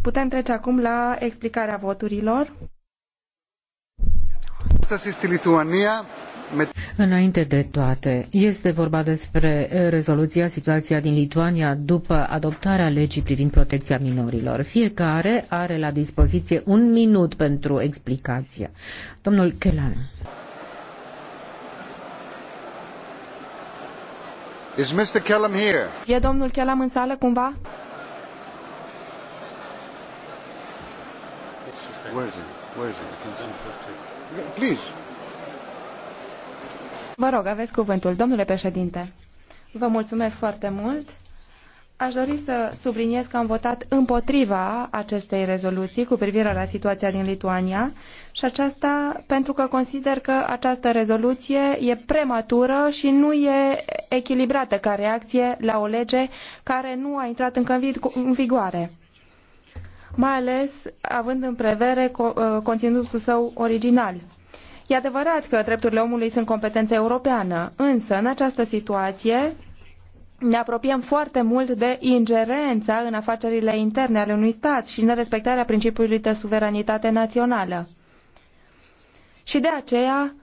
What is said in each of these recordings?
Putem, trece acum la explicarea voturilor. este Lituania. Înainte de toate, este vorba despre rezoluția situația din Lituania după adoptarea legii privind protecția minorilor. Fiecare are la dispoziție un minut pentru explicație. Domnul Kelan. Is Mr. Kellam here? E domnul Kellam în sală cumva? Where is he? Where is he? Please. Vă rog, aveți cuvântul, domnule președinte. Vă mulțumesc foarte mult. Aș dori să subliniez că am votat împotriva acestei rezoluții cu privire la situația din Lituania și aceasta pentru că consider că această rezoluție e prematură și nu e echilibrată ca reacție la o lege care nu a intrat încă în vigoare mai ales având în prevere ă, conținutul său original. E adevărat că drepturile omului sunt competență europeană, însă în această situație ne apropiem foarte mult de ingerența în afacerile interne ale unui stat și nerespectarea principiului de suveranitate națională. Și de aceea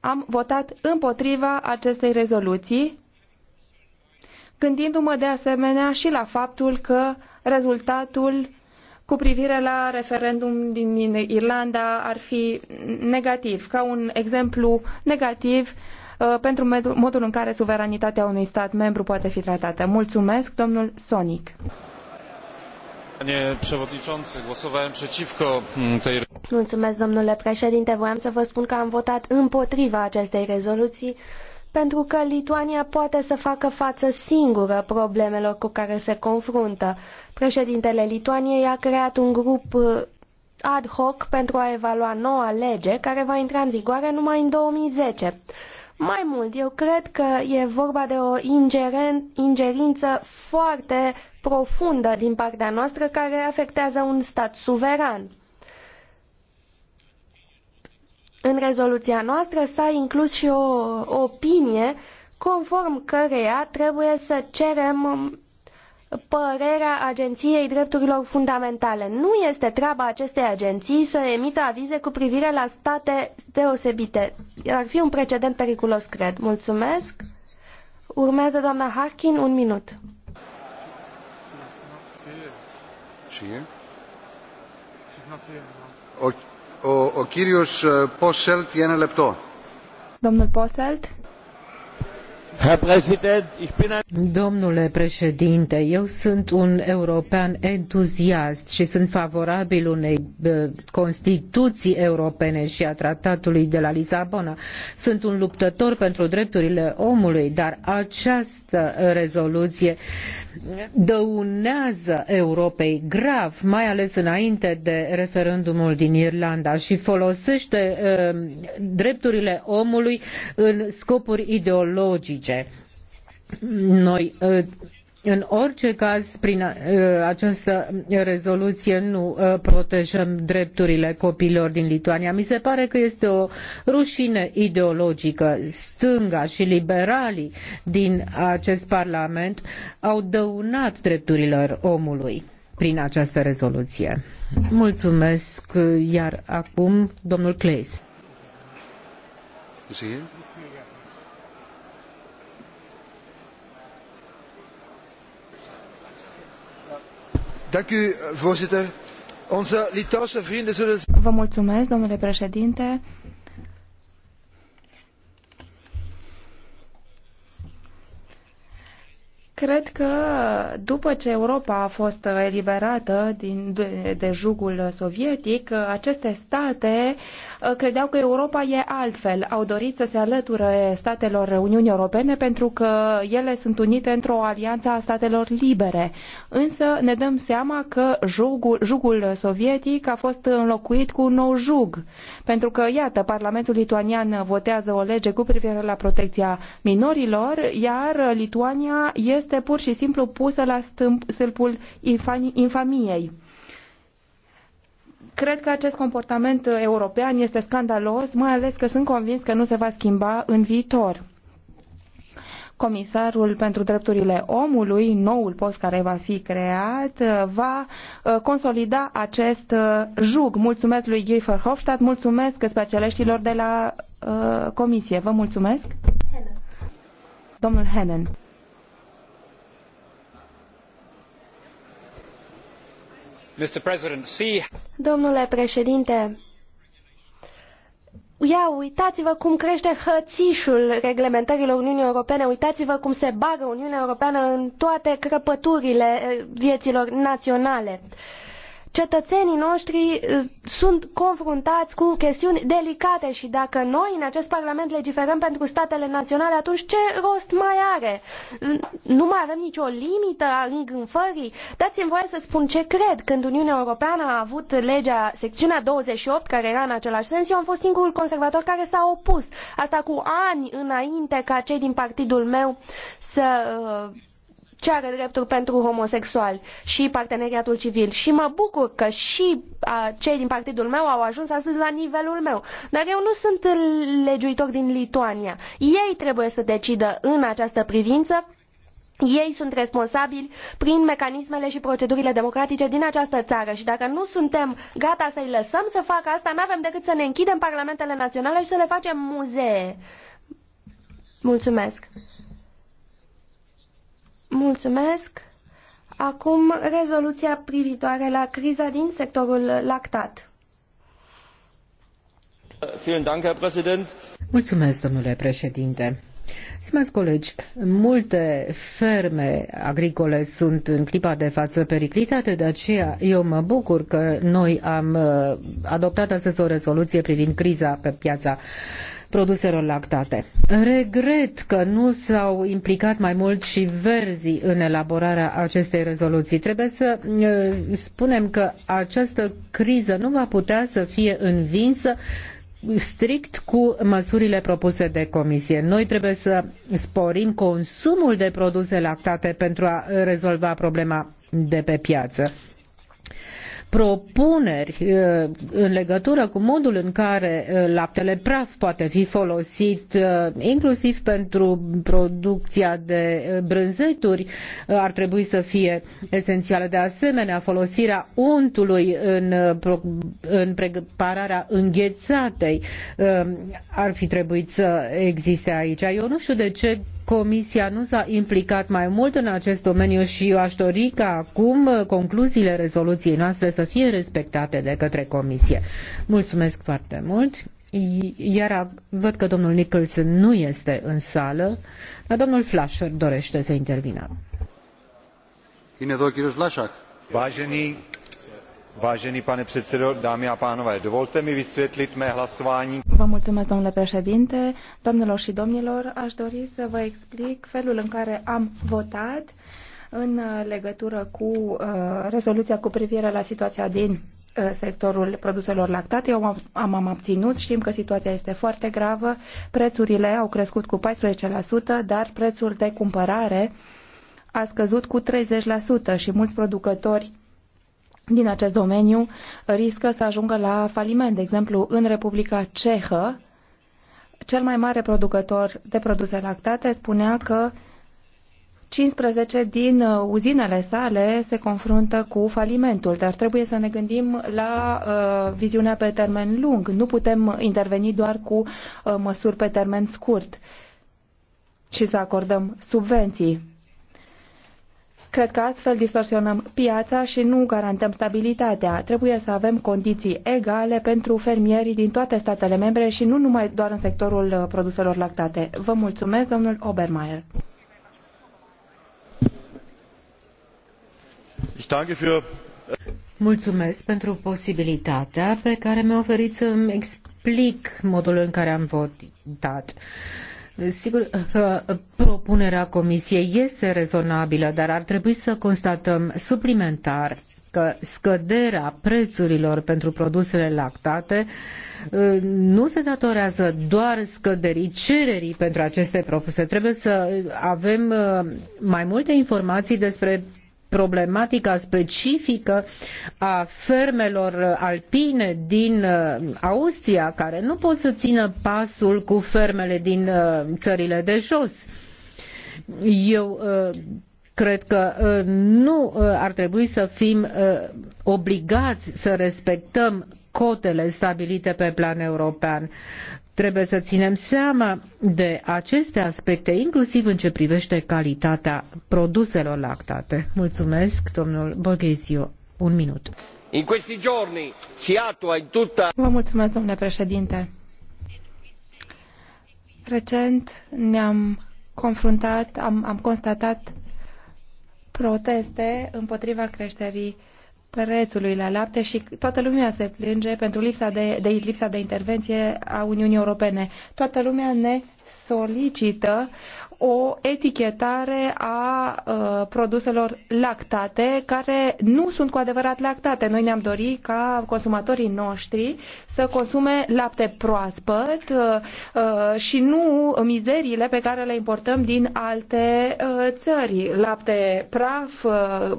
am votat împotriva acestei rezoluții, gândindu-mă de asemenea și la faptul că rezultatul cu privire la referendum din Irlanda ar fi negativ, ca un exemplu negativ uh, Uh, pentru modul în care suveranitatea unui stat membru poate fi tratată. Mulțumesc, domnul Sonic. Mm, Mulțumesc, domnule președinte. Voiam să vă spun că am votat împotriva acestei rezoluții pentru că Lituania poate să facă față singură problemelor cu care se confruntă. Președintele Lituaniei a creat un grup uh, ad hoc pentru a evalua noua lege care va intra în vigoare numai în 2010. Mai mult, eu cred că e vorba de o ingeren, ingerință foarte profundă din partea noastră care afectează un stat suveran. În rezoluția noastră s-a inclus și o opinie conform căreia trebuie să cerem părerea Agenției Drepturilor Fundamentale. Nu este treaba acestei agenții să emită avize cu privire la state deosebite. Ar fi un precedent periculos, cred. Mulțumesc. Urmează doamna Harkin, un minut. O, o, o uh, Domnul Poselt, Domnule președinte, eu sunt un european entuziast și sunt favorabil unei Constituții europene și a tratatului de la Lisabona. Sunt un luptător pentru drepturile omului, dar această rezoluție dăunează Europei grav, mai ales înainte de referendumul din Irlanda și folosește ă, drepturile omului în scopuri ideologice politice. Noi ă, în orice caz, prin ă, această rezoluție nu ă, protejăm drepturile copiilor din Lituania. Mi se pare că este o rușine ideologică. Stânga și liberalii din acest Parlament au dăunat drepturilor omului prin această rezoluție. Mulțumesc, iar acum domnul Kleis. Vă mulțumesc, domnule președinte. Cred că după ce Europa a fost eliberată din, de, de jugul sovietic, aceste state uh, credeau că Europa e altfel. Au dorit să se alăture statelor Uniunii Europene pentru că ele sunt unite într-o alianță a statelor libere. Însă ne dăm seama că jugul, jugul sovietic a fost înlocuit cu un nou jug. Pentru că, iată, Parlamentul lituanian votează o lege cu privire la protecția minorilor, iar Lituania este este pur și simplu pusă la stâmp, stâlpul infamiei. Cred că acest comportament european este scandalos, mai ales că sunt convins că nu se va schimba în viitor. Comisarul pentru Drepturile Omului, noul post care va fi creat, va uh, consolida acest uh, jug. Mulțumesc lui Guy Verhofstadt, mulțumesc specialiștilor de la uh, Comisie. Vă mulțumesc. Domnul Hennen. Domnule președinte, ia uitați-vă cum crește hățișul reglementărilor Uniunii Europene, uitați-vă cum se bagă Uniunea Europeană în toate crăpăturile eh, vieților naționale. Uh, cetățenii noștri uh, sunt confruntați cu chestiuni delicate și dacă noi în acest Parlament legiferăm pentru statele naționale, atunci ce rost mai are? Nu mai avem nicio limită a îngânfării? Dați-mi voie să spun ce cred. Când Uniunea Europeană a avut legea, secțiunea 28, care era în același sens, eu am fost singurul conservator care s-a opus. Asta cu ani înainte ca cei din partidul meu să uh, ce are drepturi pentru homosexuali și parteneriatul civil. Și mă bucur că și cei din partidul meu au ajuns astăzi la nivelul meu. Dar eu nu sunt legiuitor din Lituania. Ei trebuie să decidă în această privință ei sunt responsabili prin mecanismele și procedurile democratice din această țară și dacă nu suntem gata să-i lăsăm să facă asta, nu avem decât să ne închidem parlamentele naționale și să le facem muzee. Mulțumesc. Mulțumesc. Acum rezoluția privitoare la criza din sectorul lactat. Mulțumesc, domnule președinte. Stimați colegi, multe ferme agricole sunt în clipa de față periclitate, de aceea eu mă bucur că noi am uh, adoptat astăzi o rezoluție privind criza pe piața produselor lactate. Regret că nu s-au implicat mai mult și verzii în elaborarea acestei rezoluții. Trebuie să spunem că această criză nu va putea să fie învinsă strict cu măsurile propuse de comisie. Noi trebuie să sporim consumul de produse lactate pentru a rezolva problema de pe piață propuneri uh, în legătură cu modul în care uh, laptele praf poate fi folosit uh, inclusiv pentru producția de brânzeturi ar trebui să fie esențială. De asemenea, folosirea untului în, în prepararea înghețatei ar fi trebuit să existe aici. Eu nu știu de ce Comisia nu s-a implicat mai mult în acest domeniu și eu aș dori ca acum uh, concluziile rezoluției noastre să fie respectate de către Comisie. Mulțumesc foarte mult. Iar văd că domnul Nicholson nu este în sală, dar domnul Flasher dorește să intervină. Bine, domnul Flasher. Vážený, vážený pane předsedo, dámy a pánové, dovolte mi vysvětlit mé hlasování mulțumesc, domnule președinte. Doamnelor și domnilor, aș dori să vă explic felul în care am votat în uh, legătură cu uh, rezoluția cu privire la situația din uh, sectorul produselor lactate. Eu am, am, am abținut, știm că situația este foarte gravă, prețurile au crescut cu 14%, dar prețul de cumpărare a scăzut cu 30% și mulți producători din acest domeniu riscă să ajungă la faliment. De exemplu, în Republica Cehă, cel mai mare producător de produse lactate spunea că 15 din uh, uzinele sale se confruntă cu falimentul, dar trebuie să ne gândim la uh, viziunea pe termen lung. Nu putem interveni doar cu uh, măsuri pe termen scurt și să acordăm subvenții Cred că astfel distorsionăm piața și nu garantăm stabilitatea. Trebuie să avem condiții egale pentru fermierii din toate statele membre și nu numai doar în sectorul uh, produselor lactate. Vă mulțumesc, domnul Obermeier. Mulțumesc pentru posibilitatea pe care mi-a oferit să-mi explic modul în care am votat. Sigur că propunerea Comisiei este rezonabilă, dar ar trebui să constatăm suplimentar că scăderea prețurilor pentru produsele lactate uh, nu se datorează doar scăderii cererii pentru aceste produse. Trebuie să avem uh, mai multe informații despre problematica specifică a fermelor alpine din uh, Austria, care nu pot să țină pasul cu fermele din uh, țările de jos. Eu uh, cred că nu ar trebui să fim obligați să respectăm cotele stabilite pe plan european. Trebuie să ținem seama de aceste aspecte, inclusiv în ce privește calitatea produselor lactate. Mulțumesc, domnul Borghezio. Un minut. În questi giorni si attua in tutta... Vă mulțumesc, domnule președinte. Recent ne-am confruntat, am, am constatat proteste împotriva creșterii uh, prețului la lapte și toată lumea se plânge pentru lipsa de, de lipsa de intervenție a Uniunii Europene. Toată lumea ne solicită o etichetare a uh, produselor lactate care nu sunt cu adevărat lactate. Noi ne-am dorit ca consumatorii noștri să consume lapte proaspăt uh, uh, și nu mizeriile pe care le importăm din alte uh, țări. Lapte praf, uh,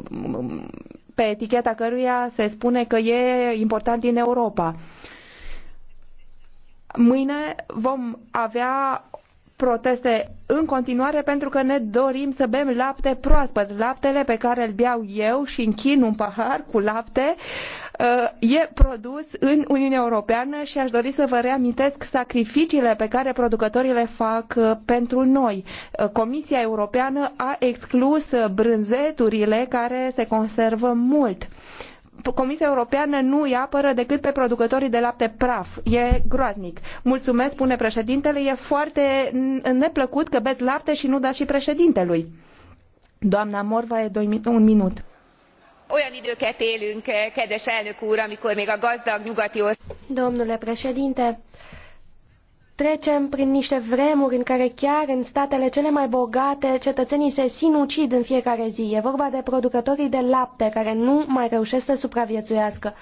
pe eticheta căruia se spune că e important din Europa. Mâine vom avea proteste în continuare pentru că ne dorim să bem lapte proaspăt. Laptele pe care îl beau eu și închin un pahar cu lapte uh, e produs în Uniunea Europeană și aș dori să vă reamintesc sacrificiile pe care producătorii le fac uh, pentru noi. Uh, Comisia Europeană a exclus brânzeturile care se conservă mult Comisia Europeană nu îi apără decât pe producătorii de lapte praf. E groaznic. Mulțumesc, spune președintele, e foarte neplăcut că beți lapte și nu dați și președintelui. Doamna Morva, e un minut. Olyan időket élünk, kedves elnök úr, amikor még a gazdag nyugati Domnule președinte, Trecem prin niște vremuri în care chiar în statele cele mai bogate cetățenii se sinucid în fiecare zi. E vorba de producătorii de lapte care nu mai reușesc să supraviețuiască.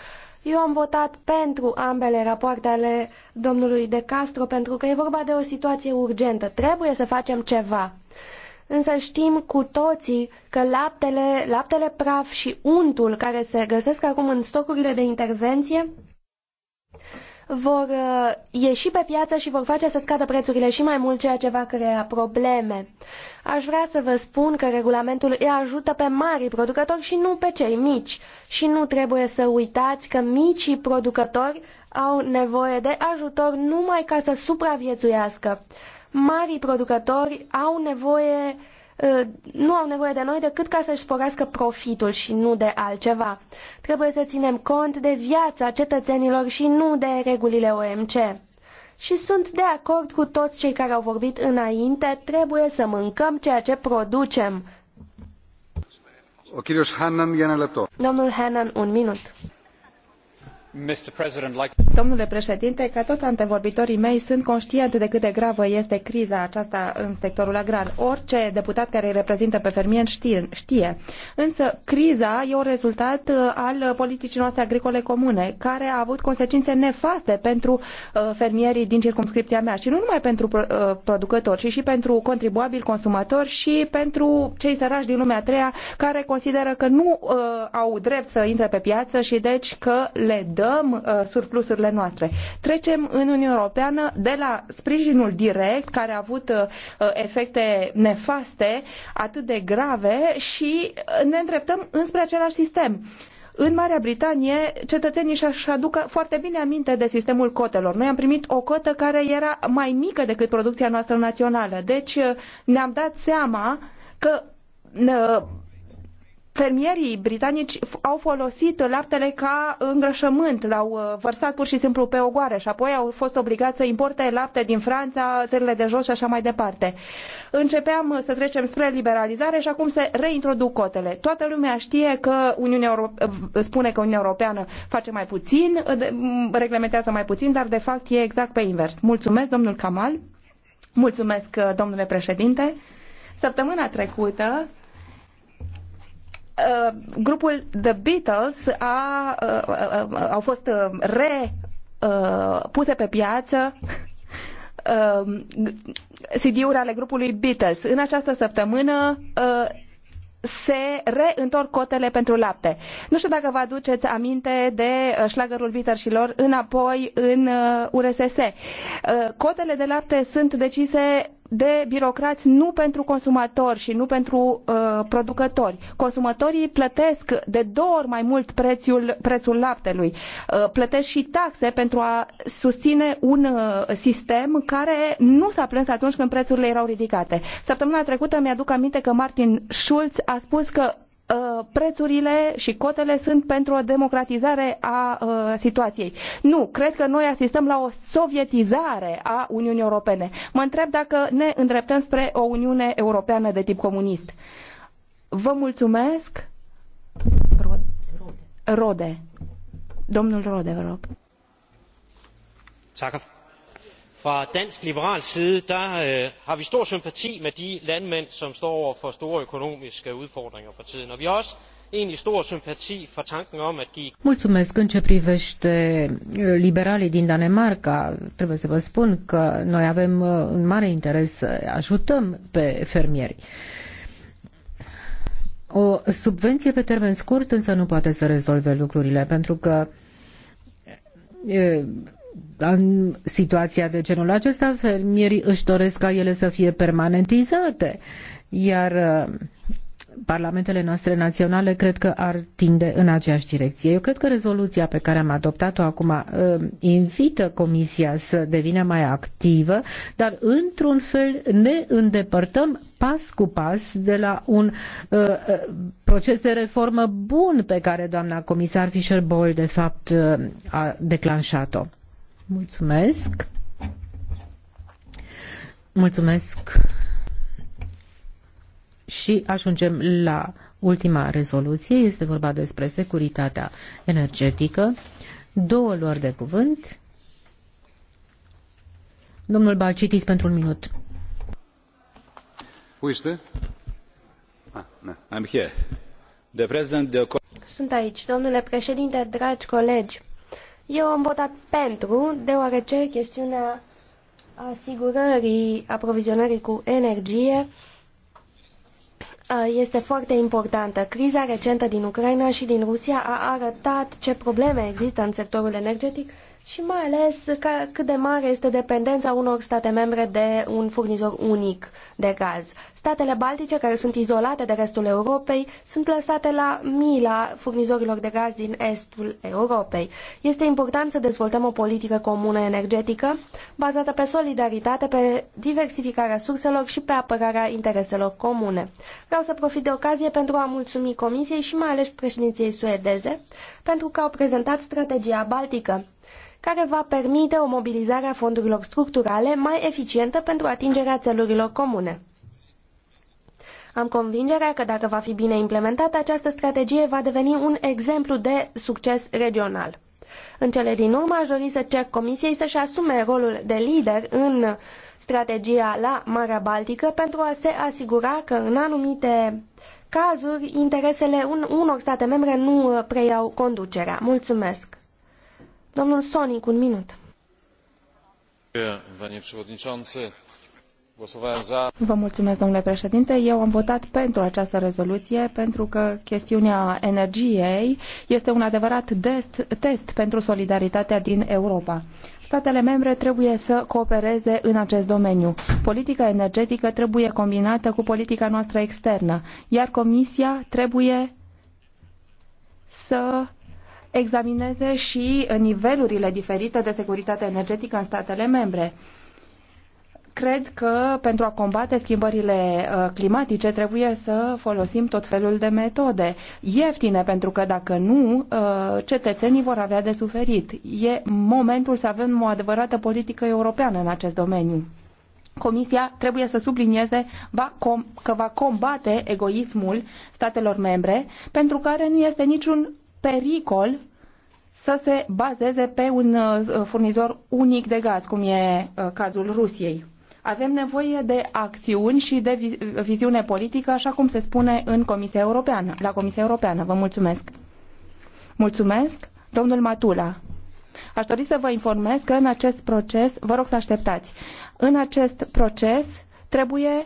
Eu am votat pentru ambele rapoarte ale domnului De Castro pentru că e vorba de o situație urgentă. Trebuie să facem ceva. Însă știm cu toții că laptele, laptele praf și untul care se găsesc acum în stocurile de intervenție vor uh, ieși pe piață și vor face să scadă prețurile și mai mult, ceea ce va crea probleme. Aș vrea să vă spun că regulamentul îi ajută pe mari producători și nu pe cei mici. Și nu trebuie să uitați că micii producători au nevoie de ajutor numai ca să supraviețuiască. Marii producători au nevoie Uh, nu au nevoie de noi decât ca să-și sporească profitul și nu de altceva. Trebuie să ținem cont de viața cetățenilor și nu de regulile OMC. Și sunt de acord cu toți cei care au vorbit înainte, trebuie să mâncăm ceea ce producem. O, Hannan, Domnul Hannan, un minut. Domnule președinte, ca toți antevorbitorii mei, sunt contient de cât de gravă este criza aceasta în sectorul agrar. Orice deputat care îi reprezintă pe fermieri știe, Însă criza e un rezultat uh, al politicii noastre agricole comune, care a avut consecințe nefaste pentru uh, fermierii din circumscripția mea și nu numai pentru uh, producători, ci și pentru contribuabili consumatori și pentru cei săraci din lumea a treia care consideră că nu au drept să intre pe piață și deci că le dă lichidăm uh, surplusurile noastre. Trecem în Uniunea Europeană de la sprijinul direct, care a avut uh, efecte nefaste atât de grave, și uh, ne îndreptăm înspre același sistem. În Marea Britanie, cetățenii și-și aducă foarte bine aminte de sistemul cotelor. Noi am primit o cotă care era mai mică decât producția noastră națională. Deci uh, ne-am dat seama că uh, fermierii britanici au folosit laptele ca îngrășământ, l-au uh, vărsat pur și simplu pe ogoare și apoi au fost obligați să importe lapte din Franța, țările de jos și așa mai departe. Începeam uh, să trecem spre liberalizare și acum se reintroduc cotele. Toată lumea știe că Uniunea Euro- spune că Uniunea Europeană face mai puțin, uh, reglementează mai puțin, dar de fapt e exact pe invers. Mulțumesc, domnul Kamal. Mulțumesc, domnule președinte. Săptămâna trecută, Uh, grupul The Beatles a, uh, uh, au fost re puse pe piață CD-uri ale grupului Beatles. În această săptămână se reîntorc cotele pentru lapte. Nu știu dacă vă aduceți aminte de șlagărul Beatles și lor înapoi în URSS. Cotele de lapte sunt decise de birocrați nu pentru consumatori și nu pentru uh, producători. Consumatorii plătesc de două ori mai mult prețul, prețul laptelui. Uh, plătesc și taxe pentru a susține un uh, sistem care nu s-a plâns atunci când prețurile erau ridicate. Săptămâna trecută mi-aduc aminte că Martin Schulz a spus că Uh, prețurile și cotele sunt pentru o democratizare a uh, situației. Nu, cred că noi asistăm la o sovietizare a Uniunii Europene. Mă întreb dacă ne îndreptăm spre o Uniune Europeană de tip comunist. Vă mulțumesc. Rode. Rode. Domnul Rode, vă rog fra dansk liberal side øh, har vi stor sympati med de landmænd som står over for store økonomiske udfordringer for tiden og vi har også egentlig stor sympati for tanken om at give. Mulțumesc. În ce privește uh, liberalii din Danemarca, trebuie să vă spun că noi avem uh, un mare interes să ajutăm pe fermieri. O subvenție pe termen scurt însă nu poate să rezolve lucrurile, pentru că uh, în situația de genul acesta, fermierii își doresc ca ele să fie permanentizate, iar uh, parlamentele noastre naționale cred că ar tinde în aceeași direcție. Eu cred că rezoluția pe care am adoptat-o acum uh, invită Comisia să devină mai activă, dar într-un fel ne îndepărtăm pas cu pas de la un uh, uh proces de reformă bun pe care doamna comisar Fischer-Boll de fapt uh, a declanșat-o. Mulțumesc. Mulțumesc. Și ajungem la ultima rezoluție. Este vorba despre securitatea energetică. Două luări de cuvânt. Domnul Balcitis pentru un minut. Uite. Ah, no, I'm here. The president, the... Sunt aici, domnule președinte, dragi colegi eu am votat pentru, deoarece chestiunea asigurării aprovizionării cu energie uh, este foarte importantă. Criza recentă din Ucraina și din Rusia a arătat ce probleme există în sectorul energetic și mai ales ca, cât de mare este dependența unor state membre de un furnizor unic de gaz. Statele baltice, care sunt izolate de restul Europei, sunt lăsate la mila furnizorilor de gaz din estul Europei. Este important să dezvoltăm o politică comună energetică bazată pe solidaritate, pe diversificarea surselor și pe apărarea intereselor comune. Vreau să profit de ocazie pentru a mulțumi Comisiei și mai ales președinției suedeze pentru că au prezentat strategia baltică care va permite o mobilizare a fondurilor structurale mai eficientă pentru atingerea țelurilor comune. Am convingerea că dacă va fi bine implementată, această strategie va deveni un exemplu de succes regional. În cele din urmă, aș dori să cer Comisiei să-și asume rolul de lider în strategia la Marea Baltică pentru a se asigura că în anumite cazuri interesele unor state membre nu uh, preiau conducerea. Mulțumesc! Domnul Sonic, un minut. Vă mulțumesc, domnule președinte. Eu am votat pentru această rezoluție pentru că chestiunea energiei este un adevărat dest, test pentru solidaritatea din Europa. Statele membre trebuie să coopereze în acest domeniu. Politica energetică trebuie combinată cu politica noastră externă, iar Comisia trebuie să examineze și nivelurile diferite de securitate energetică în statele membre. Cred că pentru a combate schimbările uh, climatice trebuie să folosim tot felul de metode ieftine, pentru că dacă nu, uh, cetățenii vor avea de suferit. E momentul să avem o adevărată politică europeană în acest domeniu. Comisia trebuie să sublinieze că va combate egoismul statelor membre, pentru care nu este niciun pericol să se bazeze pe un uh, furnizor unic de gaz, cum e uh, cazul Rusiei. Avem nevoie de acțiuni și de viziune politică, așa cum se spune în Comisia Europeană, la Comisia Europeană. Vă mulțumesc. Mulțumesc, domnul Matula. Aș dori să vă informez că în acest proces, vă rog să așteptați, în acest proces trebuie